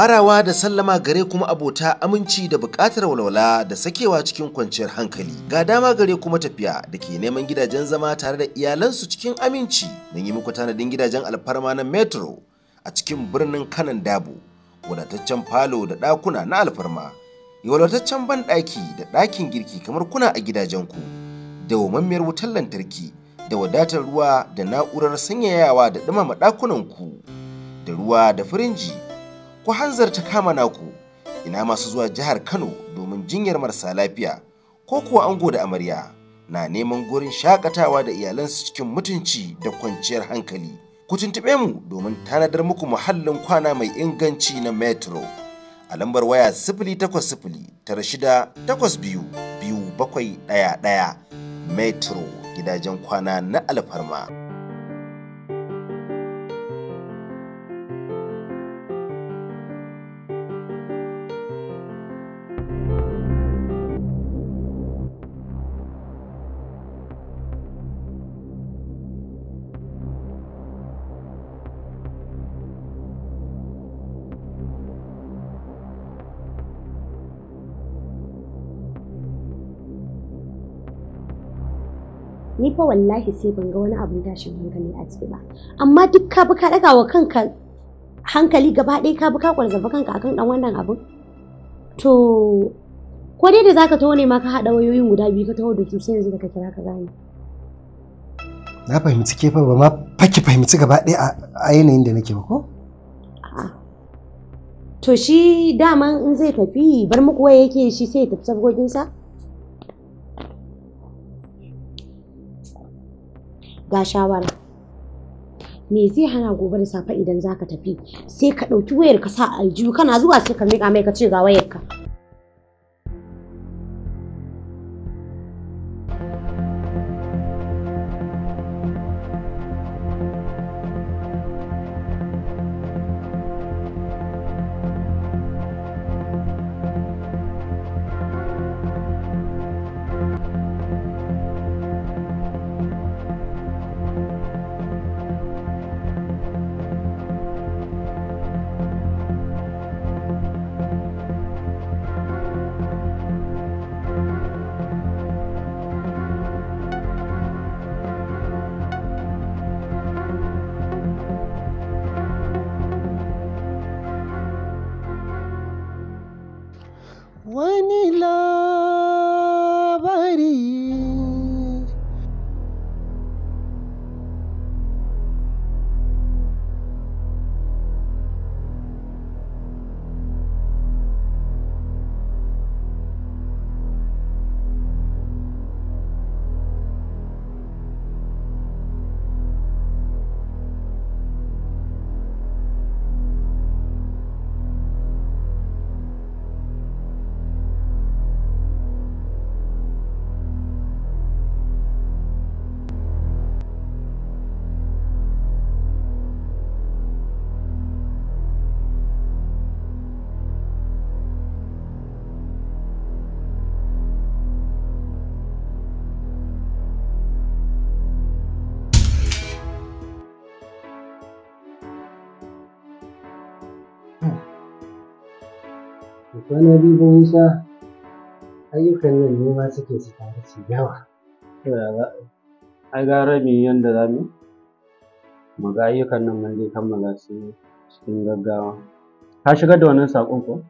farawa da sallama gare kuma abota aminci da buƙatar walwala da sakewa cikin kwanciyar hankali ga dama gare kuma tafiya da ke neman gidajen zama tare da iyalansu cikin aminci mun yi muku tanadin gidajen alfarma na metro a cikin birnin kanan dabo wadataccen falo da ɗakuna na alfarma ban banɗaki da ɗakin girki kamar kuna a gidajenku da wamammiyar wutar lantarki da wadatar ruwa da na'urar sanyayawa da ɗumama ɗakunanku da ruwa da firinji ku hanzarta kama naku ina masu zuwa jihar Kano domin jinyar marasa lafiya ko kuwa ango da amarya na neman gurin shakatawa da iyalansu cikin mutunci da kwanciyar hankali. Ku tuntuɓe mu domin tanadar muku muhallin kwana mai inganci na Metro. A lambar waya sifili takwas sifili biyu biyu bakwai ɗaya ɗaya Metro gidajen kwana na alfarma. fa wallahi sai ban ga wani abun tashin hankali a ciki ba amma duk ka bi ka daga wa kanka hankali gaba ɗaya ka bi ka kwarzafa kanka akan dan wannan abun to ko dai da zaka taho ne ma ka haɗa wayoyin guda biyu ka taho da su sai yanzu da ka kira ka gane na fahimci ke fa ba ma faki fahimci gaba ɗaya a yanayin da nake ba ko to shi daman in zai tafi bar muku waye yake shi sai ya tafi sabgoginsa ga shawara me zai hana gobe da safa idan zaka tafi sai ka ɗauki wayar ka sa aljihu kana zuwa sai ka miƙa mai ka ce ga wayarka kwana biyu mun sha ayyukan nan ne suke su tare su yawa. Ai gara mu yi yanda za mu mu ga ayyukan nan mun zai kammala su cikin gaggawa. Ka shigar da wannan saƙon ko?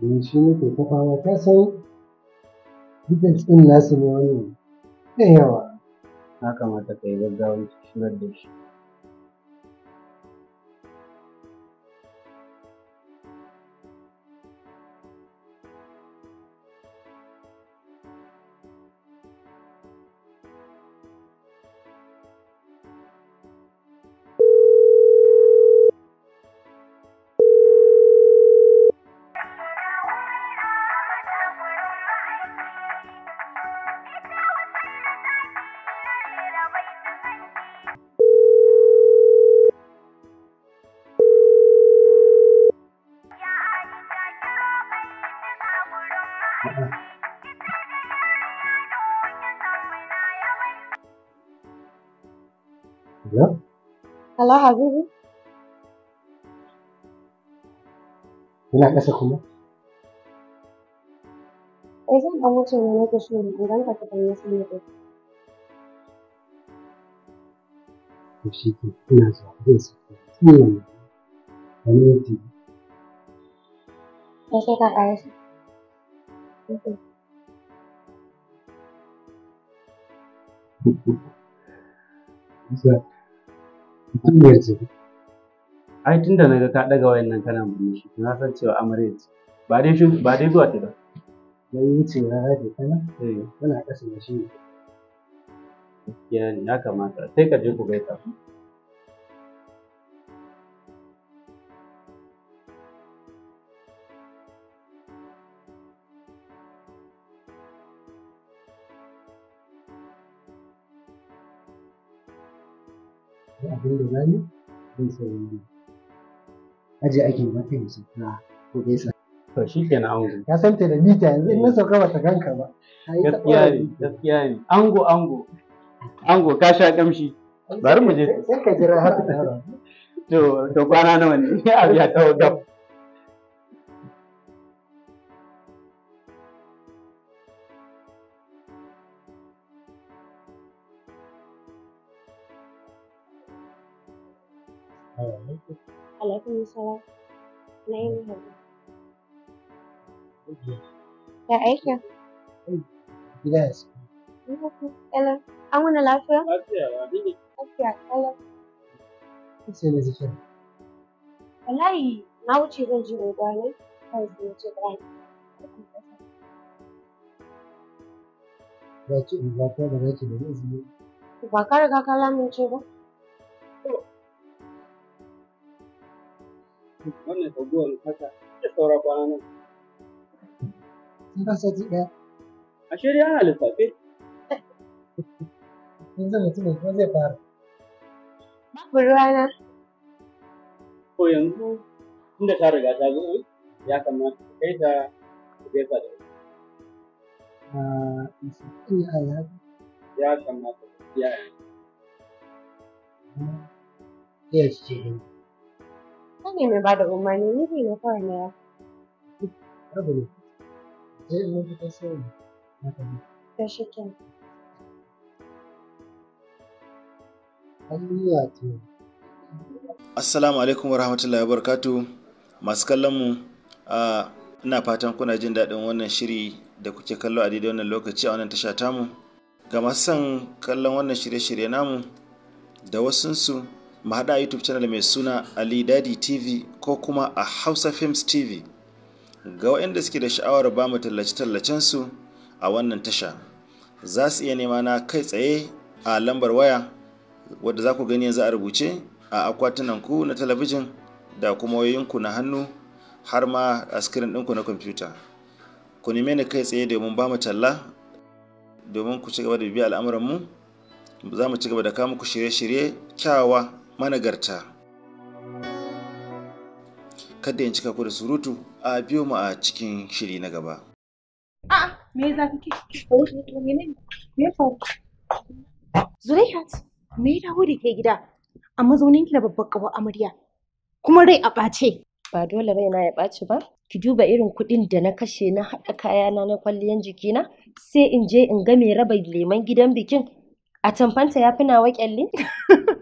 Yanzu shi nake kafawa ta san duk ɗin nasu ne wannan. da yawa ya kamata ka yi gaggawar shigar da shi agogo? Ina ƙasa kuma? Ai eh, zan ɗan ne nake so in ɗan ka kaɗan na sanya ɗaya. To shi ne ne. ka Mutum mutumiyar ce ai tun da na ga ka ɗaga wayan nan kana murmushi na san cewa amarya ce ba dai shi ba dai zuwa ta ba dan wucewa ya da kana eh kana ƙasa da shi gaskiya ne ya kamata sai ka je ku gaisa tsakani zai sauri aje ake mafi ta yanzu ta ko dai sa to shi ke na ango ya san ta da mita yanzu in na sauka ba ta ganka ba gaskiya ne gaskiya ne ango ango ango ka sha kamshi bari mu je sai ka jira har ta to to kwana nawa ne ya ta masara na Ya aikin? an wani lafiya? Lafiya, wani ne? Lafiya, na wuce zan ji ne, kan zai ce ɗaya. Ba ka riga ka ba? wannan taguwar haka da saura kwana nan. Sun kasa sati ɗaya. A shirya ana lissafe. zama mutumin kuma zai fara. Babu rana. Ko yanzu inda ta riga ta zo ya kamata ka kai ta ka gaisa da ita. Ya kamata ya yi. Ah, ya shi ce kai ne mai ba da umarni miji ne kawai na ya Assalamu alaikum wa rahmatullahi masu kallon mu ina fatan kuna jin daɗin wannan shiri da kuke kallo a daidai wannan lokaci a wannan tasha tamu ga masu son kallon wannan shirye-shirye namu da wasunsu mu haɗa youtube channel mai suna ali dadi tv ko kuma a hausa films tv ga waɗanda suke da sha'awar ba mu tallace su a wannan tasha za su iya nema na kai tsaye a lambar waya wadda za ku gani yanzu a rubuce a akwatunan ku na talabijin da kuma wayoyinku na hannu har ma a skirin ɗinku na kwamfuta ku neme ni kai tsaye domin ba mu talla domin ku ci gaba da bibiya al'amuranmu za mu ci gaba da kawo muku shirye-shirye kyawawa managarta kada in cika ku da surutu a biyo mu a cikin shiri na gaba a'a me za ka ke me faru Zulaihat me ya dawo da ke gida a mazaunin ki da babbar kawo amarya kuma rai a ɓace ba dole raina ya ɓaci ba ki duba irin kuɗin da na kashe na haɗa kayana na kwalliyan jikina sai in je in ga mai raba leman gidan bikin a tamfanta ya fi nawa kyalli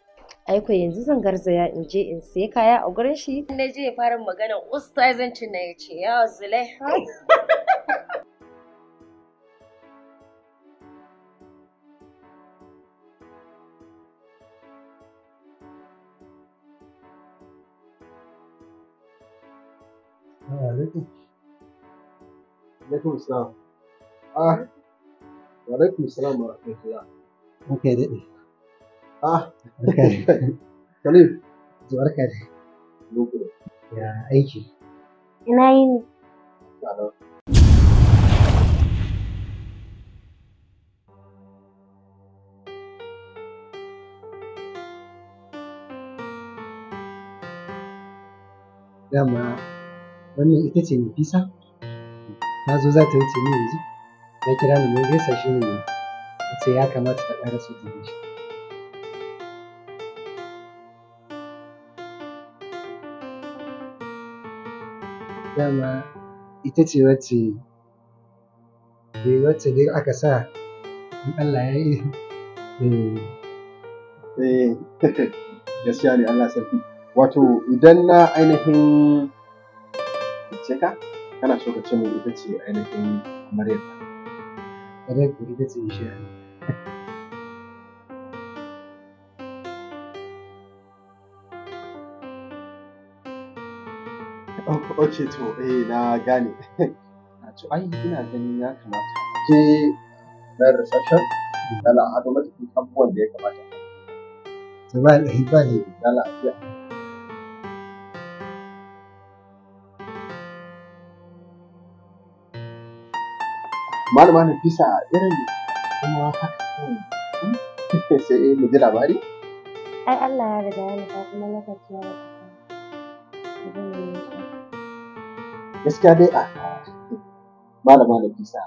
aiko yanzu zan garzaya in je in sai kaya a gurin shi na je fara magana ustazancin na ya ce ya zule Alaikum salam. Ah, alaikum salam wa rahmatullah. Mun kai daɗe. Ah, barka ne. Salim. Barka ne. Ya aiki. Ina yi ne. Dama wannan ita ce Nafisa? Ta zo za ta wuce ni yanzu? Ya kira ni mun gaisa shi ne ce ya kamata ta ƙara so ta shi. dama ita ce wacce eh, wacce dai aka sa in Allah ya yi eh, eh, gaskiya ne Allah sarki wato idan na ainihin cika kana so ka ce mai ita ce ainihin maryam ita ce shi ok to eh na gane ah, to ai ina ganin ya kamata ke na reception dala a ga mutum abubuwan da ya kamata to zama da eh, ba ne dala ya malama ne fisa irin kuma haka sai eh mu ji labari ai Allah ya riga ya nufa kuma lokaci ya Thank you. gaskiya dai a ah, malama da bisa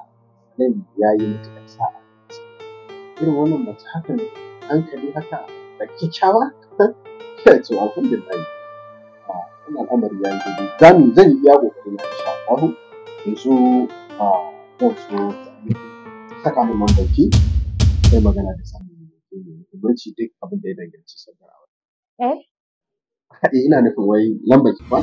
nan ya yi da sa'a irin wannan mace hakan hankali haka da kyakkyawa ya ce wa kun da dai a ina al'amari ya yi daidai dan zan yi iya ko na sha Allah yanzu a ah, zan so saka min baki. sai magana da samun barci duk abin da ya danganci sabon eh? eh? Ina nufin wai lambaki ba?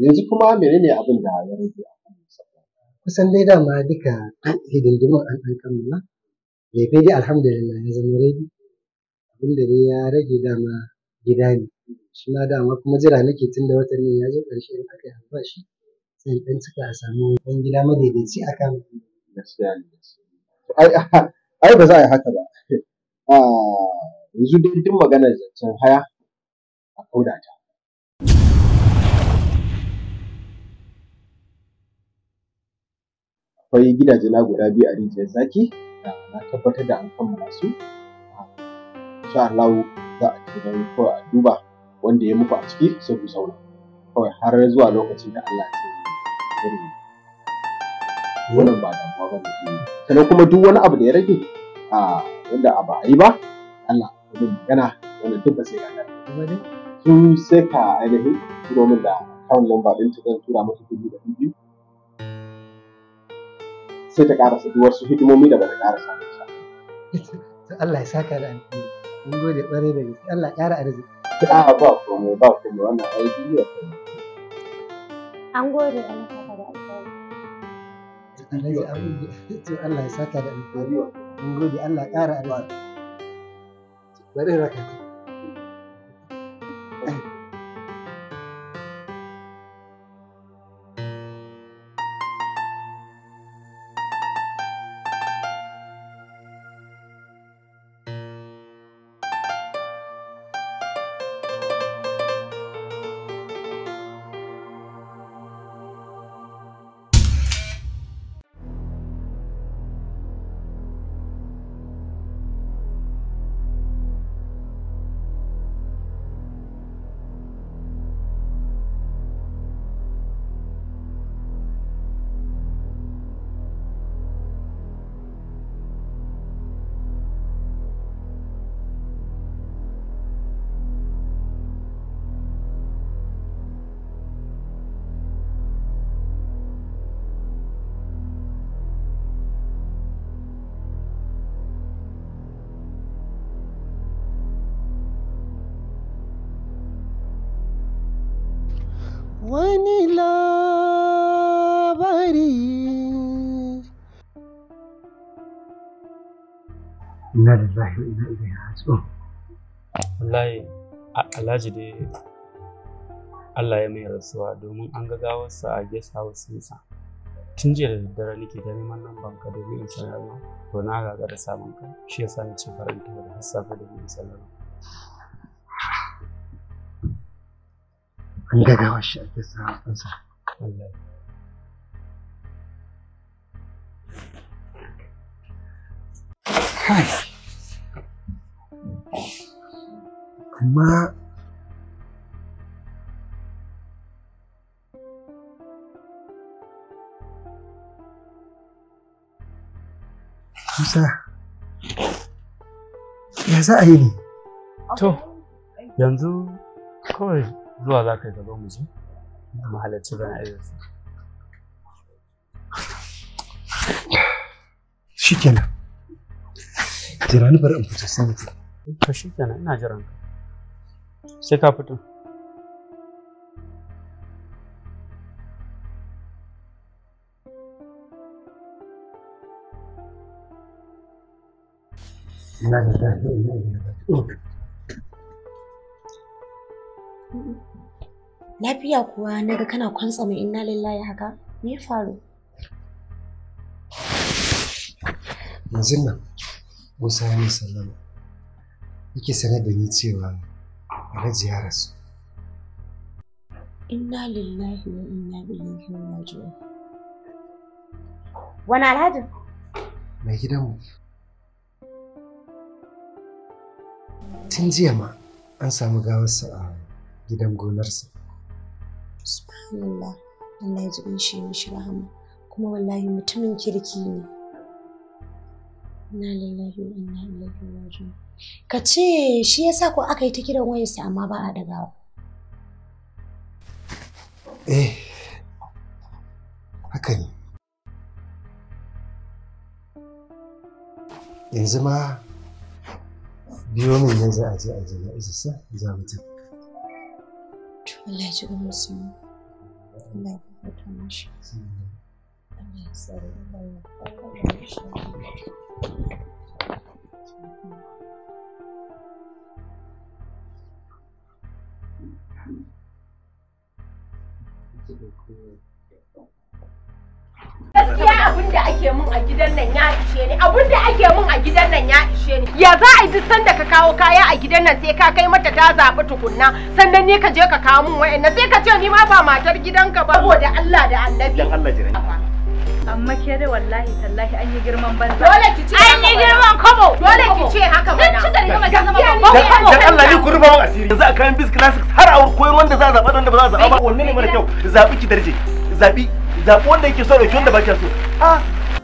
Yanzu kuma ne abin da ya rage a kan Kusan dai dama duka hidindimin an ɗan kammala. Mai kai dai alhamdulillah ya zama rabi. Abin da ya rage dama gida ne. Shi ma dama kuma jira nake tun da watan nan ya zo ƙarshe in aka yi albashi. sai dan cika a samu ɗan gida madaidaici a kan ai ba za a yi haka ba ah, yanzu dai duk maganar zancen haya a koda akwai gidaje na guda biyu a rijiyar zaki na tabbatar da an kammala su ah, sha Allah za a kira ko a duba wanda ya muku a ciki sai ku zauna kawai har zuwa lokacin da Allah ya wannan ba damuwa ba ne sannan kuma duk wani abu da ya rage a wanda ba a yi ba Allah ya magana wanda duk ba sai ka gane su sai ka ainihin turo min da kawun lamba ɗin ta zan tura masa dubu da dubu sai ta karasa duk wasu hidimomi da ba ta karasa ba Allah ya saka da alheri mun gode ƙwarai da gaske Allah ya ƙara arziki a ba komai ba komai wannan aiki ne an gode Allah alhaji abubu eh. Allah ya saka da alheri mun gode Allah ya ƙara arziki bari raka wani labari. Ina da zahi ina ilai hatsu. Wallahi Alhaji dai Allah ya mai rasuwa domin an ga gawarsa a guest house nisa. Tun jiya da daddare nake ta neman nan banka domin in sanarwa to na gaga da samun ka shi ya ni ce faranta da hassafa domin in sanarwa. an daga wa shi ake sa an sa kai Musa, ya za a yi ne? To, yanzu kawai zuwa za ka yi gaba mu ji mu halarci jana'izarsa shikenan jira ni bari in fita sai ka shi kenan ina jiran ka sai ka fito Ina da ina da Lafiya kuwa na ga kana kwantsa mai inna lillahi haka? Me faru? Yanzu nan Musa ya sallama yake sanar da ni cewa na ya rasu. Inna lillahi wa inna ilaihi raji'un. Wani alhaji? Mai gidanmu. Tun jiya ma an samu gawarsa a gidan gonarsa. subhanallah Allah ya ji shi mishi rahama kuma wallahi mutumin kirki ne na lillahi wa inna ilaihi raji'un ka ce shi yasa ko aka yi ta kiran wayarsa amma ba a dagawa eh haka ne yanzu ma biyo min yanzu a je a jana'izarsa za mu tafi Allah ya shiga musu Allah ya kuka mashi Allah ya tsare Allah ya Gaskiya abin da ake mun a gidan nan ya ishe ni, abin da ake mun a gidan nan ya ishe ni. Ya za duk sanda ka kawo kaya a gidan nan sai ka kai mata ta zaɓi tukunna sannan ne ka je ka kawo min wa'annan sai ka ce ni ma ba matar gidanka ba saboda Allah da Annabi dan Allah jira amma ke dai wallahi tallahi an yi girman banza dole ki ce an yi girman kobo dole ki ce haka mana sai ci da gama ta zama ba kobo dan Allah ni ku rufa mun asiri yanzu a kan bis classics har a koyar wanda za a zaɓa wanda ba za a zaɓa ba wanne ne mara kyau zaɓi ki darje zaɓi zaɓi wanda yake so da wanda ba kya so ah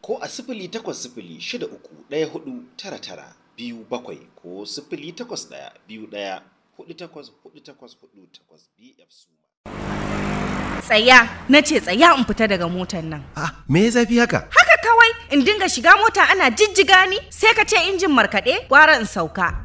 ko a sifili takwas sifili shida uku ɗaya hudu tara tara biyu bakwai ko sifili takwas ɗaya biyu ɗaya hudu takwas hudu takwas hudu takwas bf suma. Tsaya na ce tsaya in fita daga motar nan. a ah, me ya zafi haka? Haka kawai in dinga shiga mota ana jijjiga ni sai ka ce injin markaɗe gwara in sauka.